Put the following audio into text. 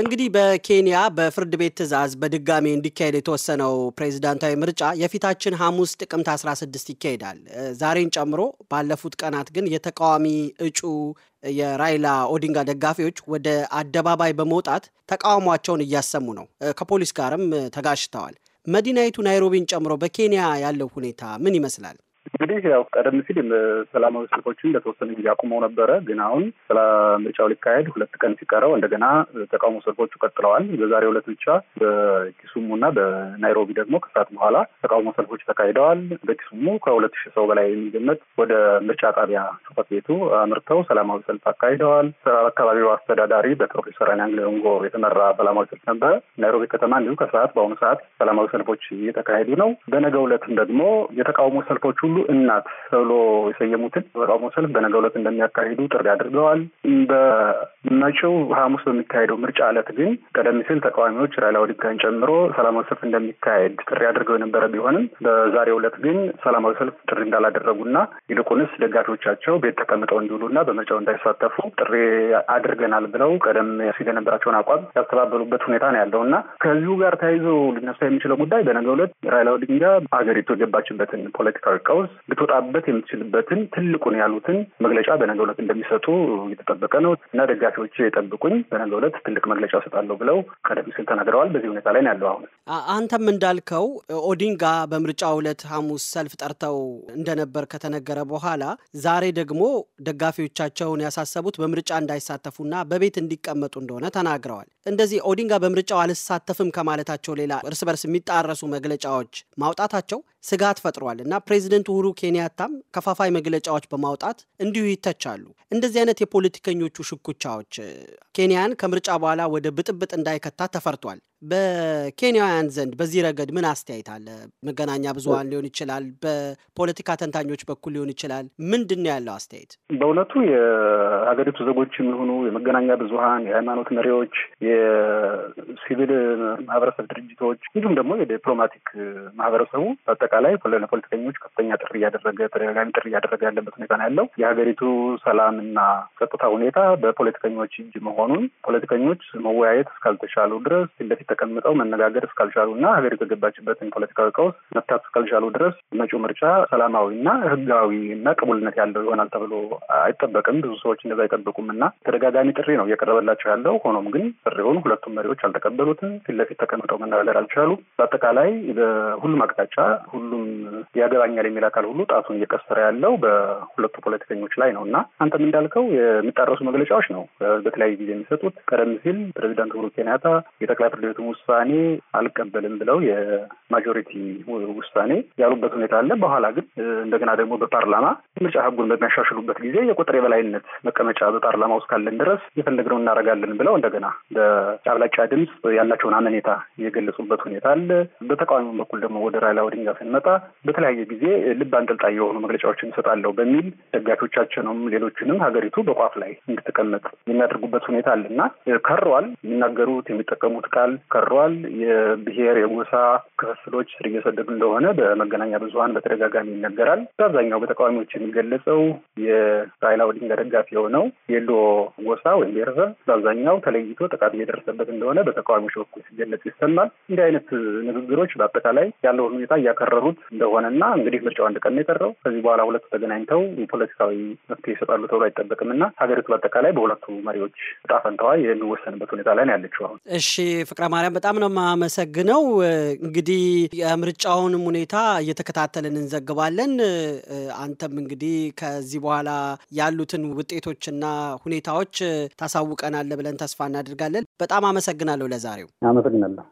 እንግዲህ በኬንያ በፍርድ ቤት ትዕዛዝ በድጋሚ እንዲካሄድ የተወሰነው ፕሬዚዳንታዊ ምርጫ የፊታችን ሐሙስ ጥቅምት 16 ይካሄዳል። ዛሬን ጨምሮ ባለፉት ቀናት ግን የተቃዋሚ እጩ የራይላ ኦዲንጋ ደጋፊዎች ወደ አደባባይ በመውጣት ተቃውሟቸውን እያሰሙ ነው። ከፖሊስ ጋርም ተጋጭተዋል። መዲናይቱ ናይሮቢን ጨምሮ በኬንያ ያለው ሁኔታ ምን ይመስላል? እንግዲህ ያው ቀደም ሲል ሰላማዊ ሰልፎችን ለተወሰነ ጊዜ አቁመው ነበረ። ግን አሁን ምርጫው ሊካሄድ ሁለት ቀን ሲቀረው እንደገና ተቃውሞ ሰልፎቹ ቀጥለዋል። በዛሬ ሁለት ብቻ በኪሱሙና በናይሮቢ ደግሞ ከሰዓት በኋላ ተቃውሞ ሰልፎች ተካሂደዋል። በኪሱሙ ከሁለት ሺህ ሰው በላይ የሚገመት ወደ ምርጫ ጣቢያ ጽሕፈት ቤቱ አምርተው ሰላማዊ ሰልፍ አካሂደዋል። አካባቢው አስተዳዳሪ በፕሮፌሰር አንያንግሌ ኦንጎ የተመራ ሰላማዊ ሰልፍ ነበረ። ናይሮቢ ከተማ እንዲሁ ከሰዓት በአሁኑ ሰዓት ሰላማዊ ሰልፎች እየተካሄዱ ነው። በነገ ሁለትም ደግሞ የተቃውሞ ሰልፎቹ ሁሉ እናት ተብሎ የሰየሙትን በተቃውሞ ሰልፍ በነገ ዕለት እንደሚያካሂዱ ጥሪ አድርገዋል። በመጪው ሐሙስ በሚካሄደው ምርጫ ዕለት ግን ቀደም ሲል ተቃዋሚዎች ራይላ ኦዲንጋን ጨምሮ ሰላማዊ ሰልፍ እንደሚካሄድ ጥሪ አድርገው የነበረ ቢሆንም በዛሬው ዕለት ግን ሰላማዊ ሰልፍ ጥሪ እንዳላደረጉና ይልቁንስ ደጋፊዎቻቸው ቤት ተቀምጠው እንዲውሉና በምርጫው እንዳይሳተፉ ጥሪ አድርገናል ብለው ቀደም ሲል የነበራቸውን አቋም ያስተባበሉበት ሁኔታ ነው ያለው እና ከዚሁ ጋር ተያይዞ ሊነሳ የሚችለው ጉዳይ በነገ ዕለት ራይላ ኦዲንጋ ሀገሪቱ የገባችበትን ፖለቲካዊ ቀውስ ከቀውስ ልትወጣበት የምትችልበትን ትልቁን ያሉትን መግለጫ በነገ ዕለት እንደሚሰጡ እየተጠበቀ ነው እና ደጋፊዎች የጠብቁኝ በነገ ዕለት ትልቅ መግለጫ እሰጣለሁ ብለው ቀደም ሲል ተናግረዋል። በዚህ ሁኔታ ላይ ነው ያለው። አሁን አንተም እንዳልከው ኦዲንጋ በምርጫ ዕለት ሐሙስ ሰልፍ ጠርተው እንደነበር ከተነገረ በኋላ ዛሬ ደግሞ ደጋፊዎቻቸውን ያሳሰቡት በምርጫ እንዳይሳተፉና በቤት እንዲቀመጡ እንደሆነ ተናግረዋል። እንደዚህ ኦዲንጋ በምርጫው አልሳተፍም ከማለታቸው ሌላ እርስ በርስ የሚጣረሱ መግለጫዎች ማውጣታቸው ስጋት ፈጥሯል እና ፕሬዚደንት ኡሁሩ ኬንያታም ከፋፋይ መግለጫዎች በማውጣት እንዲሁ ይተቻሉ። እንደዚህ አይነት የፖለቲከኞቹ ሽኩቻዎች ኬንያን ከምርጫ በኋላ ወደ ብጥብጥ እንዳይከታ ተፈርቷል። በኬንያውያን ዘንድ በዚህ ረገድ ምን አስተያየት አለ? መገናኛ ብዙሃን ሊሆን ይችላል፣ በፖለቲካ ተንታኞች በኩል ሊሆን ይችላል። ምንድን ነው ያለው አስተያየት? በእውነቱ የአገሪቱ ዜጎች የሚሆኑ የመገናኛ ብዙሀን፣ የሃይማኖት መሪዎች፣ የሲቪል ማህበረሰብ ድርጅቶች እንዲሁም ደግሞ የዲፕሎማቲክ ማህበረሰቡ በአጠቃላይ ለፖለቲከኞች ከፍተኛ ጥሪ እያደረገ ተደጋጋሚ ጥሪ እያደረገ ያለበት ሁኔታ ነው ያለው። የሀገሪቱ ሰላምና ጸጥታ ሁኔታ በፖለቲከኞች እጅ መሆኑን ፖለቲከኞች መወያየት እስካልተቻሉ ድረስ ፊትለፊት ተቀምጠው መነጋገር እስካልቻሉ እና ሀገሪቱ የገባችበትን ፖለቲካዊ ቀውስ መፍታት እስካልቻሉ ድረስ መጪው ምርጫ ሰላማዊና እና ቅቡልነት ያለው ይሆናል ተብሎ አይጠበቅም። ብዙ ሰዎች እንደዛ አይጠብቁም እና ተደጋጋሚ ጥሪ ነው እየቀረበላቸው ያለው። ሆኖም ግን ጥሪውን ሁለቱም መሪዎች አልተቀበሉትም። ፊት ለፊት ተቀምጠው መነጋገር አልቻሉም። በአጠቃላይ በሁሉም አቅጣጫ ሁሉም ያገባኛል የሚል አካል ሁሉ ጣቱን እየቀሰረ ያለው በሁለቱ ፖለቲከኞች ላይ ነው እና አንተም እንዳልከው የሚጣረሱ መግለጫዎች ነው በተለያዩ ጊዜ የሚሰጡት። ቀደም ሲል ፕሬዚዳንት ኡሁሩ ኬንያታ የጠቅላይ ፍርድ ቤቱን ውሳኔ አልቀበልም ብለው የማጆሪቲ ውሳኔ ያሉበት ሁኔታ አለ። በኋላ ግን እንደገና ደግሞ በፓርላማ ምርጫ ህጉን በሚያሻሽሉበት ጊዜ የቁጥር የበላይነት መቀ መቀመጫ በፓርላማ ውስጥ ካለን ድረስ የፈለግነው እናደርጋለን ብለው እንደገና በአብላጫ ድምፅ ያላቸውን አመኔታ የገለጹበት ሁኔታ አለ። በተቃዋሚውን በኩል ደግሞ ወደ ራይላ ወዲንጋ ስንመጣ በተለያየ ጊዜ ልብ አንጠልጣይ የሆኑ መግለጫዎችን እሰጣለሁ በሚል ደጋፊዎቻቸውንም ሌሎችንም ሀገሪቱ በቋፍ ላይ እንድትቀመጥ የሚያደርጉበት ሁኔታ አለ እና ከሯል። የሚናገሩት የሚጠቀሙት ቃል ከሯል። የብሔር የጎሳ ክፍፍሎች ስር እየሰደዱ እንደሆነ በመገናኛ ብዙኃን በተደጋጋሚ ይነገራል። በአብዛኛው በተቃዋሚዎች የሚገለጸው የራይላ ወዲንጋ ደጋፊ የሆነ ነው። የሎ ጎሳ ወይም ብሔረሰብ በአብዛኛው ተለይቶ ጥቃት እየደረሰበት እንደሆነ በተቃዋሚዎች በኩል ሲገለጽ ይሰማል። እንዲህ አይነት ንግግሮች በአጠቃላይ ያለውን ሁኔታ እያከረሩት እንደሆነና እንግዲህ ምርጫው አንድ ቀን የቀረው ከዚህ በኋላ ሁለቱ ተገናኝተው ፖለቲካዊ መፍትሄ ይሰጣሉ ተብሎ አይጠበቅም እና ሀገሪቱ በአጠቃላይ በሁለቱ መሪዎች እጣ ፈንታዋ የሚወሰንበት ሁኔታ ላይ ነው ያለችው አሁን። እሺ ፍቅረ ማርያም በጣም ነው የማመሰግነው። እንግዲህ የምርጫውንም ሁኔታ እየተከታተልን እንዘግባለን። አንተም እንግዲህ ከዚህ በኋላ ያሉትን ውጤቶች እና ሁኔታዎች ታሳውቀናል ብለን ተስፋ እናደርጋለን። በጣም አመሰግናለሁ። ለዛሬው አመሰግናለሁ።